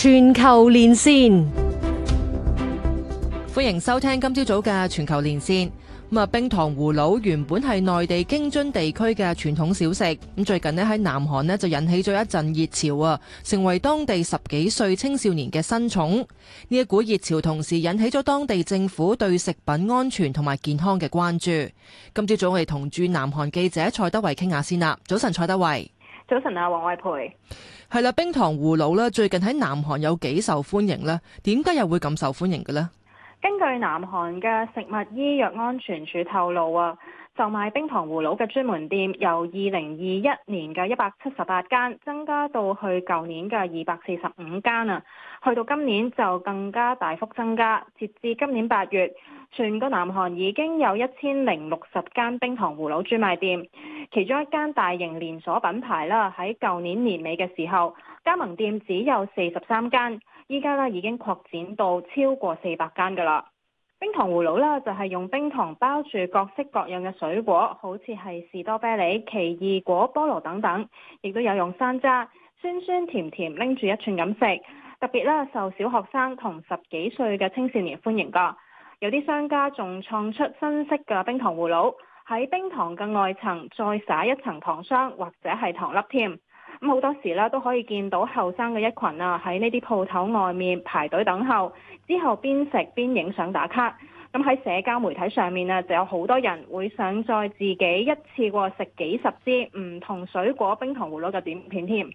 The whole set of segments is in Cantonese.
全球連線，歡迎收聽今朝早嘅全球連線。咁啊，冰糖葫蘆原本係內地京津地區嘅傳統小食，咁最近呢喺南韓呢就引起咗一陣熱潮啊，成為當地十幾歲青少年嘅新寵。呢一股熱潮同時引起咗當地政府對食品安全同埋健康嘅關注。今朝早我哋同駐南韓記者蔡德蕙傾下先啦。早晨，蔡德蕙。早晨啊，王慧蓓，係啦，冰糖葫蘆呢。最近喺南韓有幾受歡迎呢？點解又會咁受歡迎嘅呢？根據南韓嘅食物醫藥安全處透露啊，售賣冰糖葫蘆嘅專門店由二零二一年嘅一百七十八間增加到去舊年嘅二百四十五間啊，去到今年就更加大幅增加，截至今年八月，全個南韓已經有一千零六十間冰糖葫蘆專賣店。其中一間大型連鎖品牌啦，喺舊年年尾嘅時候，加盟店只有四十三間，依家咧已經擴展到超過四百間㗎啦。冰糖葫蘆啦，就係用冰糖包住各式各樣嘅水果，好似係士多啤梨、奇異果、菠蘿等等，亦都有用山楂，酸酸甜甜拎住一串咁食，特別咧受小學生同十幾歲嘅青少年歡迎㗎。有啲商家仲創出新式嘅冰糖葫蘆。喺冰糖嘅外層再撒一層糖霜或者係糖粒添。咁好多時呢都可以見到後生嘅一群啊，喺呢啲鋪頭外面排隊等候，之後邊食邊影相打卡。咁喺社交媒體上面啊，就有好多人會想再自己一次過食幾十支唔同水果冰糖葫蘆嘅點片添。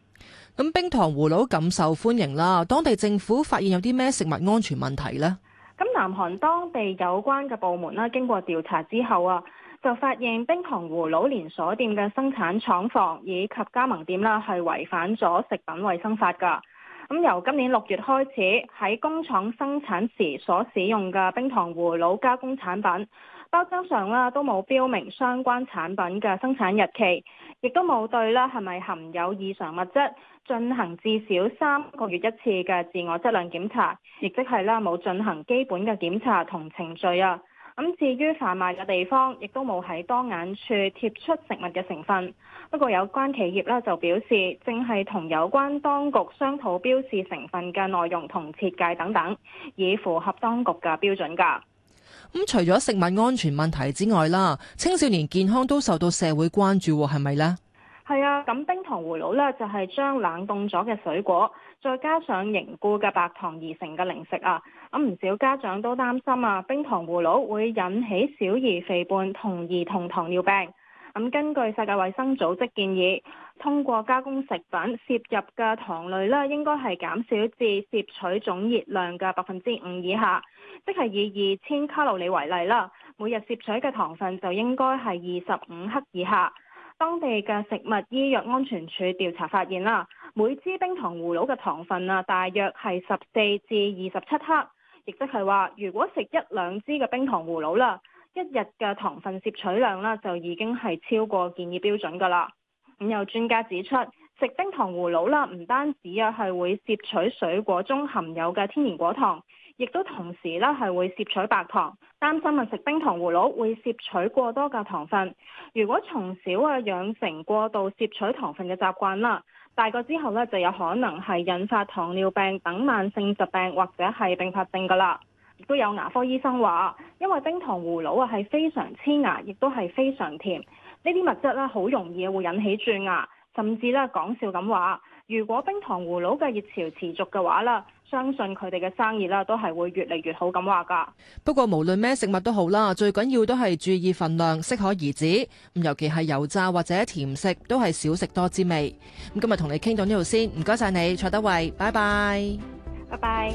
咁冰糖葫蘆咁受歡迎啦，當地政府發現有啲咩食物安全問題呢？咁南韓當地有關嘅部門啦，經過調查之後啊。就發現冰糖葫蘆連鎖店嘅生產廠房以及加盟店啦，係違反咗食品衛生法㗎。咁由今年六月開始，喺工廠生產時所使用嘅冰糖葫蘆加工產品包裝上啦，都冇標明相關產品嘅生產日期，亦都冇對啦係咪含有異常物質進行至少三個月一次嘅自我質量檢查，亦即係啦冇進行基本嘅檢查同程序啊。咁至於販賣嘅地方，亦都冇喺當眼處貼出食物嘅成分。不過有關企業咧就表示，正係同有關當局商討標示成分嘅內容同設計等等，以符合當局嘅標準㗎。咁、嗯、除咗食物安全問題之外啦，青少年健康都受到社會關注，係咪呢？係啊，咁冰糖葫蘆呢，就係將冷凍咗嘅水果，再加上凝固嘅白糖而成嘅零食啊！咁唔少家長都擔心啊，冰糖葫蘆會引起小兒肥胖同兒童糖尿病。咁根據世界衞生組織建議，通過加工食品攝入嘅糖類呢，應該係減少至攝取總熱量嘅百分之五以下。即係以二千卡路里為例啦，每日攝取嘅糖分就應該係二十五克以下。當地嘅食物醫藥安全處調查發現啦，每支冰糖葫蘆嘅糖分啊，大約係十四至二十七克，亦即係話，如果食一兩支嘅冰糖葫蘆啦，一日嘅糖分攝取量啦，就已經係超過建議標準㗎啦。咁有專家指出，食冰糖葫蘆啦，唔單止係會攝取水果中含有嘅天然果糖。亦都同時咧係會攝取白糖，擔心啊食冰糖葫蘆會攝取過多嘅糖分。如果從小啊養成過度攝取糖分嘅習慣啦，大個之後咧就有可能係引發糖尿病等慢性疾病或者係併發症㗎啦。亦都有牙科醫生話，因為冰糖葫蘆啊係非常黐牙，亦都係非常甜，呢啲物質咧好容易會引起蛀牙，甚至咧講笑咁話。如果冰糖葫蘆嘅熱潮持續嘅話啦，相信佢哋嘅生意啦都係會越嚟越好，咁話噶。不過無論咩食物都好啦，最緊要都係注意份量，適可而止。咁尤其係油炸或者甜食，都係少食多滋味。咁今日同你傾到呢度先，唔該晒你，蔡德蕙，拜拜，拜拜。